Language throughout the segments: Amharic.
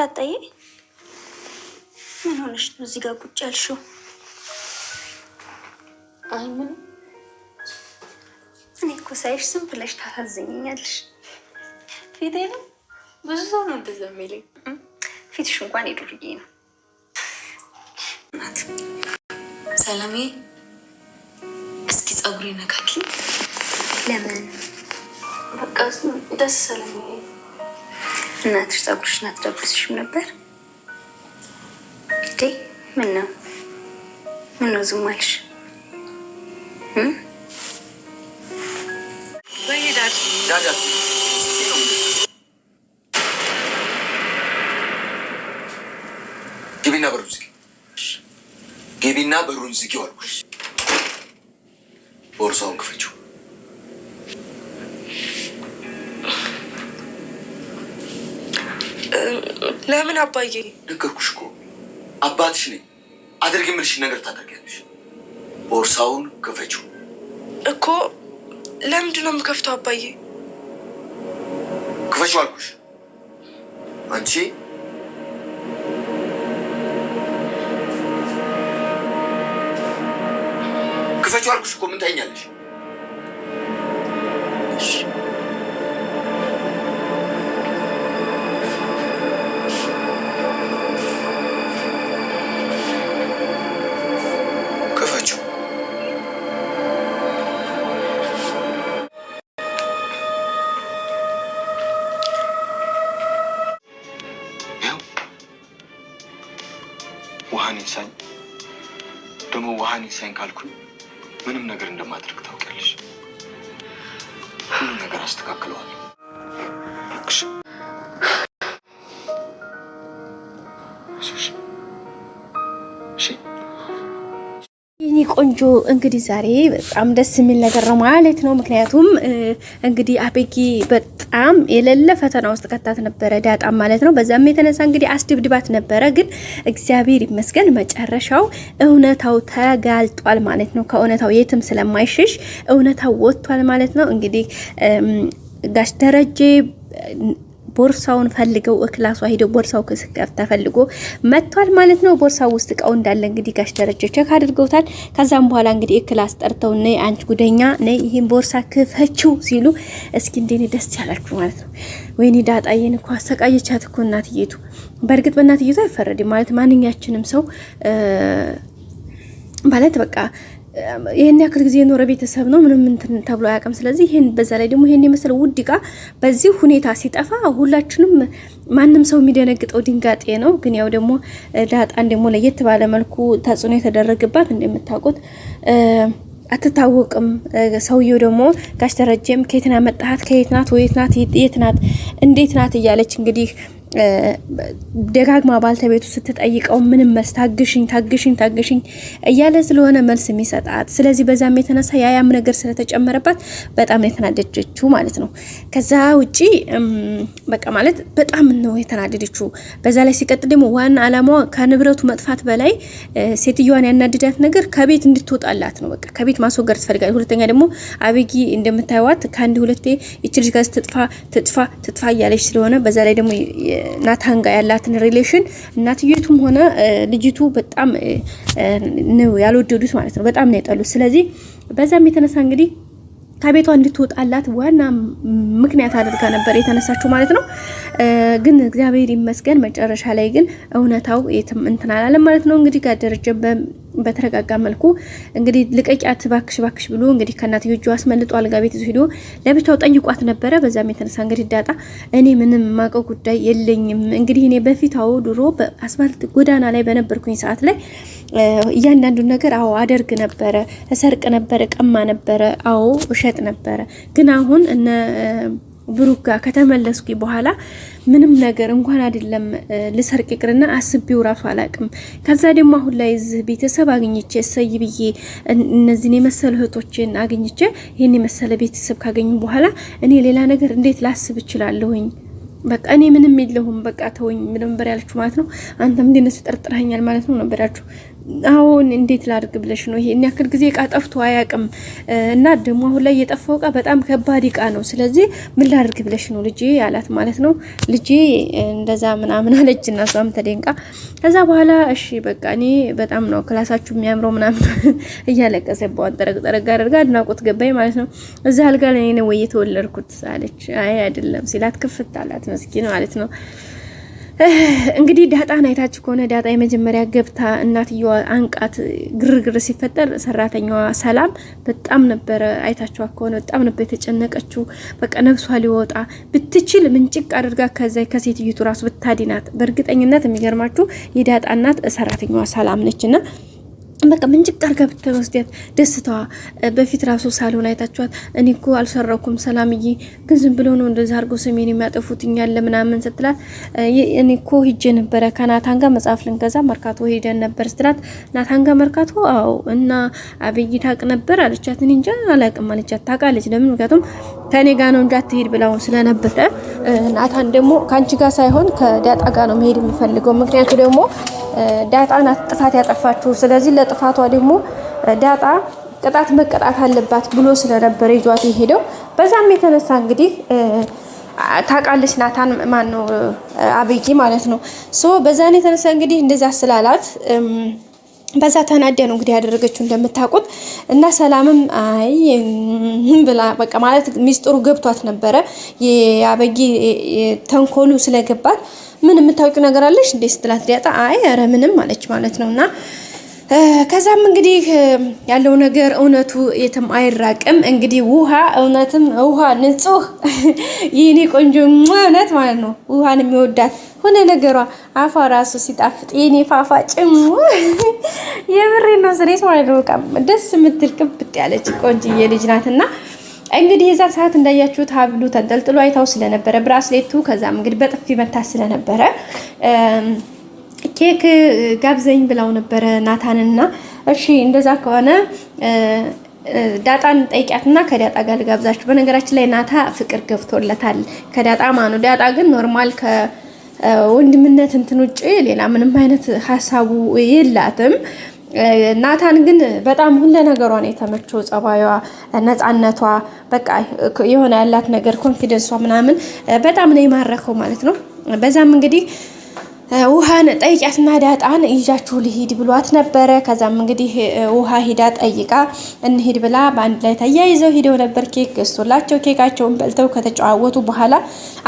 አታጣይ። ምን ሆነሽ ነው እዚህ ጋር ቁጭ ያልሽው? አይ ምን እኔ እኮ ሳይሽ ዝም ብለሽ ታሳዝኝኛለሽ። ፊቴ ነው ብዙ ሰው ነው እንደዛ የሚለኝ። ፊትሽ እንኳን የዱርዬ ነው። ሰላሜ እስኪ ጸጉሬ ነካኪ። ለምን በቃ ደስ ሰላሜ እናትሽ ፀጉርሽን አትዳብስሽም ነበር እንዴ? ምን ነው ምን ነው ዝም አልሽ? ግቢና በሩን ዝጊ፣ ግቢና በሩን ዝጊ አልኩሽ። ቦርሳውን ክፈችው። ለምን አባዬ? ነገርኩሽ እኮ አባትሽ ነኝ። አድርግ የምልሽን ነገር ታደርጊያለሽ። ቦርሳውን ክፈችው። እኮ ለምንድን ነው የምከፍተው አባዬ? ክፈችው አልኩሽ። አንቺ ክፈችው አልኩሽ እኮ ምን ታይኛለሽ? ይሳኝ ደግሞ ውሃን ይሳኝ ካልኩኝ ምንም ነገር እንደማድረግ ታውቂያለሽ። ሁሉ ነገር አስተካክለዋል። ቆንጆ እንግዲህ ዛሬ በጣም ደስ የሚል ነገር ነው ማለት ነው። ምክንያቱም እንግዲህ አቤጊ በጣም የሌለ ፈተና ውስጥ ከታት ነበረ ዳጣም ማለት ነው። በዛም የተነሳ እንግዲህ አስድብድባት ነበረ። ግን እግዚአብሔር ይመስገን መጨረሻው እውነታው ተጋልጧል ማለት ነው። ከእውነታው የትም ስለማይሽሽ እውነታው ወጥቷል ማለት ነው። እንግዲህ ጋሽ ደረጀ ቦርሳውን ፈልገው እክላሷ ሂደው ቦርሳው ክስከፍ ተፈልጎ መጥቷል ማለት ነው። ቦርሳው ውስጥ እቃው እንዳለ እንግዲህ ጋሽ ደረጀ ቸክ አድርገውታል። ከዛም በኋላ እንግዲህ እክላስ ጠርተው ነይ አንቺ ጉደኛ ነይ ይህን ቦርሳ ክፈችው ሲሉ እስኪ እንዴኔ ደስ ያላችሁ ማለት ነው። ወይኔ ዳጣዬን እኮ አሰቃየቻት እኮ እናትዬቱ። በእርግጥ በእናትዬቱ አይፈረድም ማለት ማንኛችንም ሰው ማለት በቃ ይሄን ያክል ጊዜ የኖረ ቤተሰብ ነው ምንም እንትን ተብሎ አያውቅም። ስለዚህ ይሄን በዛ ላይ ደግሞ ይሄን የመሰለ ውድ እቃ በዚህ ሁኔታ ሲጠፋ ሁላችንም ማንም ሰው የሚደነግጠው ድንጋጤ ነው። ግን ያው ደግሞ ዳጣን ደግሞ ለየት ባለ መልኩ ተጽዕኖ የተደረገባት እንደምታውቁት አትታወቅም። ሰውየው ደግሞ ጋሽ ደረጀም ከየትና መጣሃት፣ ከየትናት ናት፣ የትናት እንዴት ናት እያለች እንግዲህ ደጋግማ ባልተቤቱ ስትጠይቀው ምንም መልስ ታግሽኝ ታግሽኝ ታግሽኝ እያለ ስለሆነ መልስ የሚሰጣት ስለዚህ በዛም የተነሳ ያያም ነገር ስለተጨመረባት በጣም ነው የተናደደችው ማለት ነው። ከዛ ውጪ በቃ ማለት በጣም ነው የተናደደችው። በዛ ላይ ሲቀጥል ደግሞ ዋና አላማዋ ከንብረቱ መጥፋት በላይ ሴትዮዋን ያናደዳት ነገር ከቤት እንድትወጣላት ነው። በቃ ከቤት ማስወገድ ትፈልጋለች። ሁለተኛ ደግሞ አቤጊ እንደምታዩዋት ከአንድ ሁለቴ ይችልጅ ጋር ትጥፋ ትጥፋ ትጥፋ እያለች ስለሆነ በዛ ላይ ደግሞ ናታን ጋር ያላትን ሪሌሽን እናትየቱም ሆነ ልጅቱ በጣም ነው ያልወደዱት ማለት ነው። በጣም ነው የጠሉት። ስለዚህ በዛም የተነሳ እንግዲህ ከቤቷ እንድትወጣላት ዋና ምክንያት አድርጋ ነበር የተነሳችው ማለት ነው። ግን እግዚአብሔር ይመስገን መጨረሻ ላይ ግን እውነታው እንትን አላለም ማለት ነው። እንግዲህ ጋር ደረጀ በተረጋጋ መልኩ እንግዲህ ልቀቂያት ባክሽ ባክሽ ብሎ እንግዲህ ከእናትዮ እጁ አስመልጦ አልጋ ቤት ይዞ ሄዶ ለብቻው ጠይቋት ነበረ። በዛም የተነሳ እንግዲህ ዳጣ እኔ ምንም የማውቀው ጉዳይ የለኝም። እንግዲህ እኔ በፊታው ድሮ በአስፋልት ጎዳና ላይ በነበርኩኝ ሰዓት ላይ እያንዳንዱ ነገር አዎ አደርግ ነበረ፣ እሰርቅ ነበረ፣ ቀማ ነበረ፣ አዎ እሸጥ ነበረ ግን አሁን እነ ብሩክ ጋር ከተመለስኩ በኋላ ምንም ነገር እንኳን አይደለም ልሰርቅ ይቅርና አስቤው ራሱ አላቅም። ከዛ ደግሞ አሁን ላይ እዚህ ቤተሰብ አግኝቼ እሰይ ብዬ እነዚህን የመሰለ እህቶችን አግኝቼ ይህን የመሰለ ቤተሰብ ካገኙ በኋላ እኔ ሌላ ነገር እንዴት ላስብ እችላለሁኝ? በቃ እኔ ምንም የለሁም በቃ ተወኝ ነበር ያለችሁ ማለት ነው። አንተም እንደነሱ ጠርጥረኛል ማለት ነው ነበር ያችሁ አሁን እንዴት ላድርግ ብለሽ ነው? ይሄን ያክል ጊዜ እቃ ጠፍቶ አያውቅም። እና ደግሞ አሁን ላይ የጠፋው እቃ በጣም ከባድ እቃ ነው። ስለዚህ ምን ላድርግ ብለሽ ነው ልጄ ያላት ማለት ነው። ልጄ እንደዛ ምናምን አለች እና እሷም ተደንቃ፣ ከዛ በኋላ እሺ በቃ እኔ በጣም ነው ክላሳችሁ የሚያምረው ምናምን እያለቀሰ በዋን ጠረቅ ጠረቅ አድርጋ አድናቆት ገባኝ ማለት ነው። እዛ አልጋ ላይ ነው ወይ የተወለድኩት አለች። አይ አይደለም ሲላት ክፍት አላት መስኪን ማለት ነው። እንግዲህ ዳጣን አይታችሁ ከሆነ ዳጣ የመጀመሪያ ገብታ እናትየዋ አንቃት ግርግር ሲፈጠር ሰራተኛዋ ሰላም በጣም ነበረ አይታችኋ ከሆነ በጣም ነበር የተጨነቀችው። በቃ ነብሷ ሊወጣ ብትችል ምንጭቅ አድርጋ ከዛ ከሴትዮቱ ራሱ ብታዲናት በእርግጠኝነት የሚገርማችሁ የዳጣ እናት ሰራተኛዋ ሰላም ነች እና በቃ ምንጭቅ አድርጋ ብትወስዳት ደስታዋ። በፊት ራሱ ሳሎን አይታችኋት፣ እኔ እኮ አልሰራኩም ሰላምዬ፣ ግን ዝም ብሎ ነው እንደዚህ አድርጎ ስሜን የሚያጠፉት እኛለ ምናምን ስትላት፣ እኔ እኮ ሂጄ ነበረ ከናታን ጋር መጽሐፍ ልንገዛ መርካቶ ሄደን ነበር ስትላት፣ ናታን ጋር መርካቶ? አዎ። እና አብይ ታቅ ነበር አለቻት። እኔ እንጃ አላቅም አለቻት። ታውቃለች። ለምን? ምክንያቱም ከእኔ ጋር ነው እንዳትሄድ ብላውን ስለነበረ፣ ናታን ደግሞ ከአንቺ ጋር ሳይሆን ከዳጣ ጋር ነው መሄድ የሚፈልገው ምክንያቱ ደግሞ ዳጣ ናት ጥፋት ያጠፋችሁ፣ ስለዚህ ለጥፋቷ ደግሞ ዳጣ ቅጣት መቀጣት አለባት ብሎ ስለነበረ ይዟት የሄደው በዛም የተነሳ እንግዲህ ታውቃለች ናታን ማን ነው አብይ ማለት ነው። ሶ በዛን የተነሳ እንግዲህ እንደዛ ስላላት በዛ ተናዳ ነው እንግዲህ ያደረገችው እንደምታውቁት እና ሰላምም አይ ብላ በቃ ማለት ሚስጥሩ ገብቷት ነበረ የአበጊ ተንኮሉ ስለገባት ምን የምታውቂው ነገር አለሽ እንዴ ስትላት ዲያጣ አይ ኧረ ምንም አለች ማለት ነው እና ከዛም እንግዲህ ያለው ነገር እውነቱ የትም አይራቅም። እንግዲህ ውሃ እውነትም ውሃ ንጹህ ይህኔ ቆንጆ እውነት ማለት ነው ውሃን የሚወዳት ሆነ ነገሯ አፏ ራሱ ሲጣፍጥ የኔ ፋፋ የምሬ ነው ስሬት ማለት ነው። ደስ የምትል ቅብጥ ያለች ቆንጅዬ ልጅ ናትና እንግዲህ የዛን ሰዓት እንዳያችሁት ሀብሉ ተንጠልጥሎ አይታው ስለነበረ ብራስሌቱ፣ ከዛም እንግዲህ በጥፊ መታ ስለነበረ ኬክ ጋብዘኝ ብለው ነበረ ናታንና፣ እሺ እንደዛ ከሆነ ዳጣን ጠይቂያትና ከዳጣ ጋር ልጋብዛችሁ። በነገራችን ላይ ናታ ፍቅር ገብቶለታል ከዳጣ ማኑ። ዳጣ ግን ኖርማል ከወንድምነት እንትን ውጭ ሌላ ምንም አይነት ሀሳቡ የላትም። ናታን ግን በጣም ሁለ ነገሯ የተመቸው፣ ጸባዩዋ፣ ነፃነቷ፣ በቃ የሆነ ያላት ነገር ኮንፊደንሷ ምናምን በጣም ነው የማረከው ማለት ነው። በዛም እንግዲህ ውሃን ጠይቂያትና ዳጣን ይዣችሁ ልሂድ ብሏት ነበረ። ከዛም እንግዲህ ውሃ ሂዳ ጠይቃ እንሂድ ብላ በአንድ ላይ ተያይዘው ሂደው ነበር። ኬክ ገዝቶላቸው ኬካቸውን በልተው ከተጨዋወቱ በኋላ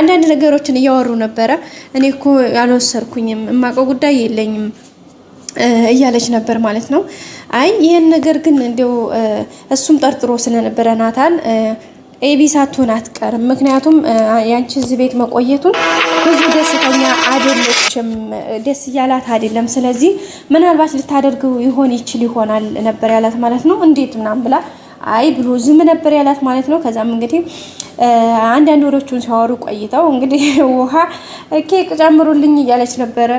አንዳንድ ነገሮችን እያወሩ ነበረ። እኔ እኮ ያልወሰድኩኝም ጉዳይ የለኝም እያለች ነበር ማለት ነው። አይ ይህን ነገር ግን እንዲው እሱም ጠርጥሮ ስለነበረ ናታን ኤቢ ሳትሆን አትቀርም። ምክንያቱም ያንቺ እዚህ ቤት መቆየቱን ብዙ ደስተኛ አይደለችም፣ ደስ እያላት አይደለም። ስለዚህ ምናልባት ልታደርገው ይሆን ይችል ይሆናል ነበር ያላት ማለት ነው። እንዴት ምናምን ብላ አይ ብሎ ዝም ነበር ያላት ማለት ነው። ከዛም እንግዲህ አንዳንድ ወሮቹን ሲያወሩ ቆይተው እንግዲህ ውሃ ኬክ ጨምሩልኝ እያለች ነበረ።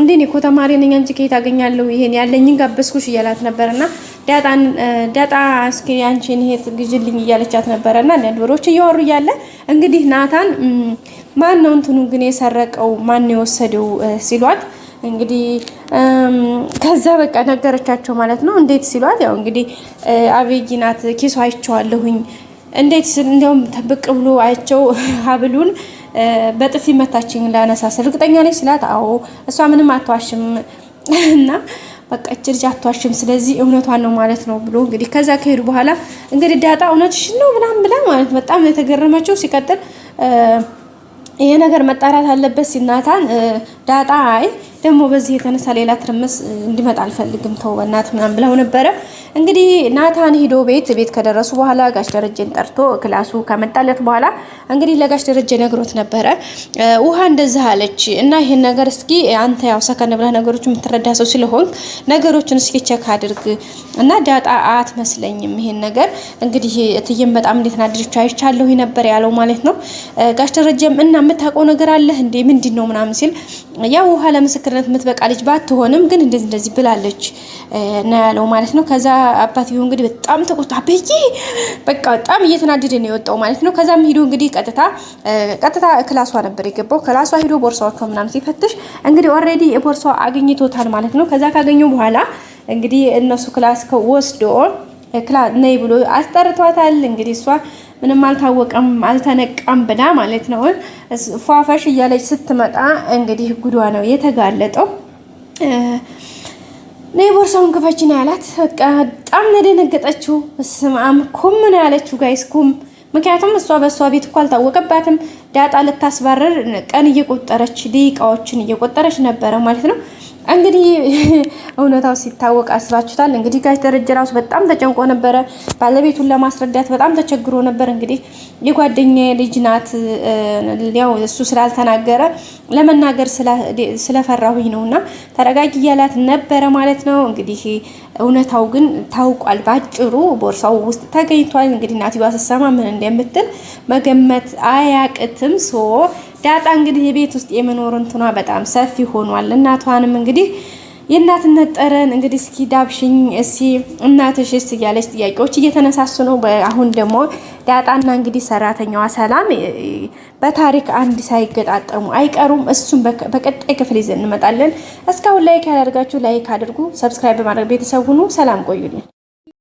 እንዴ እኔ እኮ ተማሪ ነኝ፣ አንቺ ከየት አገኛለሁ ይሄን ያለኝን ጋበዝኩሽ እያላት ነበርና ዳጣን ዳጣ እስኪ አንቺን ይሄት ግዥልኝ እያለቻት ነበረና አንዳንድ ወሮች እያወሩ እያለ እንግዲህ ናታን ማን ነው እንትኑ ግን የሰረቀው ማን የወሰደው ሲሏት እንግዲህ ከዛ በቃ ነገረቻቸው ማለት ነው። እንዴት ሲሏት ያው እንግዲህ አብይ ናት ኪሱ አይቼዋለሁኝ እንዴት እንዲያውም ተብቅ ብሎ አይቸው ሀብሉን በጥፊ መታችኝ ላነሳስ እርግጠኛ ነች ስላት፣ አዎ እሷ ምንም አትዋሽም እና በቃ እች ልጅ አትዋሽም፣ ስለዚህ እውነቷን ነው ማለት ነው ብሎ እንግዲህ ከዛ ከሄዱ በኋላ እንግዲህ ዳጣ እውነትሽን ነው ምናምን ብላ ማለት በጣም የተገረመችው ሲቀጥል ይሄ ነገር መጣራት አለበት ሲናታን ዳጣ አይ ደግሞ በዚህ የተነሳ ሌላ ትርምስ እንዲመጣ አልፈልግም፣ ተው በእናት ምናምን ብለው ነበረ። እንግዲህ ናታን ሂዶ ቤት ቤት ከደረሱ በኋላ ጋሽ ደረጀን ጠርቶ ክላሱ ከመጣለት በኋላ እንግዲህ ለጋሽ ደረጀ ነግሮት ነበረ። ውሃ እንደዚህ አለች እና ይሄን ነገር እስኪ አንተ ያው ሰከን ብለህ ነገሮች የምትረዳ ሰው ስለሆን ነገሮችን እስኪ ቸክ አድርግ እና ዳጣ አትመስለኝም። ይሄን ነገር እንግዲህ እትዬም በጣም እንዴት ናድርቻ አይቻለሁ ነበር ያለው ማለት ነው። ጋሽ ደረጀም እና የምታውቀው ነገር አለህ እንዴ ምንድን ነው ምናምን ሲል ያው ውሃ ለምስክር ለሚስትርነት የምትበቃ ልጅ ባትሆንም ግን እንደዚህ እንደዚህ ብላለች ነው ያለው ማለት ነው። ከዛ አባትየው እንግዲህ በጣም ተቆጣ። አበዬ በቃ በጣም እየተናደደ ነው የወጣው ማለት ነው። ከዛም ሂዶ እንግዲህ ቀጥታ ቀጥታ ክላሷ ነበር የገባው። ክላሷ ሂዶ ቦርሳዎቿ ምናምን ሲፈትሽ እንግዲህ ኦልሬዲ ቦርሳ አግኝቶታል ማለት ነው። ከዛ ካገኘው በኋላ እንግዲህ እነሱ ክላስ ወስዶ ነይ ብሎ አስጠርቷታል እንግዲህ እሷ ምንም አልታወቀም አልተነቃም ብላ ማለት ነው። ፏፈሽ እያለች ስትመጣ እንግዲህ ጉዷ ነው የተጋለጠው። ነይ ቦርሳውን ክፈችን ያላት በቃ በጣም ነደነገጠችው። ስማም ኩም ነው ያለችው ጋይስ ኩም። ምክንያቱም እሷ በእሷ ቤት እኮ አልታወቀባትም። ዳጣ ልታስባረር ቀን እየቆጠረች ደቂቃዎችን እየቆጠረች ነበረ ማለት ነው። እንግዲህ እውነታው ሲታወቅ አስባችሁታል። እንግዲህ ጋሽ ደረጀ ራሱ በጣም ተጨንቆ ነበረ። ባለቤቱን ለማስረዳት በጣም ተቸግሮ ነበር። እንግዲህ የጓደኛ ልጅ ናት፣ ያው እሱ ስላልተናገረ ለመናገር ስለፈራሁኝ ነው እና ተረጋጊ እያላት ነበረ ማለት ነው። እንግዲህ እውነታው ግን ታውቋል። ባጭሩ ቦርሳው ውስጥ ተገኝቷል። እንግዲህ እናትየዋ ስትሰማ ምን እንደምትል መገመት አያቅትም። ሶ ዳጣ እንግዲህ የቤት ውስጥ የመኖር እንትኗ በጣም ሰፊ ሆኗል። እናቷንም እንግዲህ የእናትነት ጠረን እንግዲህ እስኪ ዳብሽኝ እስኪ እናትሽ ስ እያለች ጥያቄዎች እየተነሳሱ ነው። አሁን ደግሞ ዳጣና እንግዲህ ሰራተኛዋ ሰላም በታሪክ አንድ ሳይገጣጠሙ አይቀሩም። እሱም በቀጣይ ክፍል ይዘን እንመጣለን። እስካሁን ላይክ ያደርጋችሁ ላይክ አድርጉ፣ ሰብስክራይብ በማድረግ ቤተሰብ ሁኑ። ሰላም ቆዩልን።